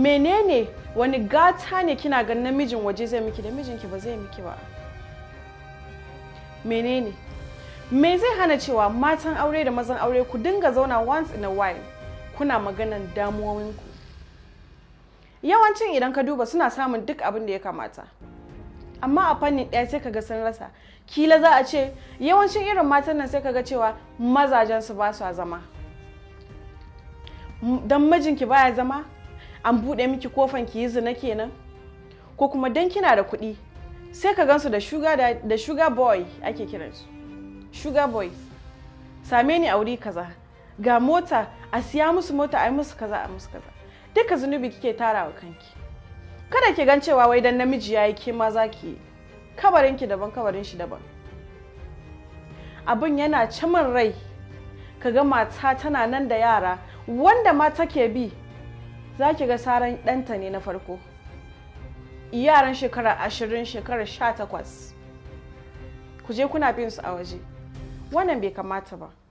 menene wani gata ne kina ganin namijin waje zai miki da mijinki ba zai miki ba menene me zai hana cewa matan aure da mazan aure ku dinga zauna once in a while kuna maganan damuwowinku yawancin idan ka duba suna samun duk abin da ya kamata amma a fannin ɗaya sai kaga sun rasa kila za a ce yawancin irin matan nan sai kaga cewa mazajen su ba su zama dan mijinki baya zama an buɗe miki kofan ki yi kenan ko kuma dan kina da kuɗi sai ka gansu da sugar da sugar boy ake kiransu sugar boys same ni a wuri kaza ga mota a siya musu mota a yi musu kaza a musu kaza duka zunubi kike tara wa kanki kada ki gan cewa wai dan namiji yayi yi ma za ki kabarin ki daban kabarin shi daban abin yana caman rai kaga mata tana nan da yara wanda ma take bi za ki ga saran ɗanta ne na farko yaran shekara ashirin shekara sha takwas ku je kuna bin su a waje wannan bai kamata ba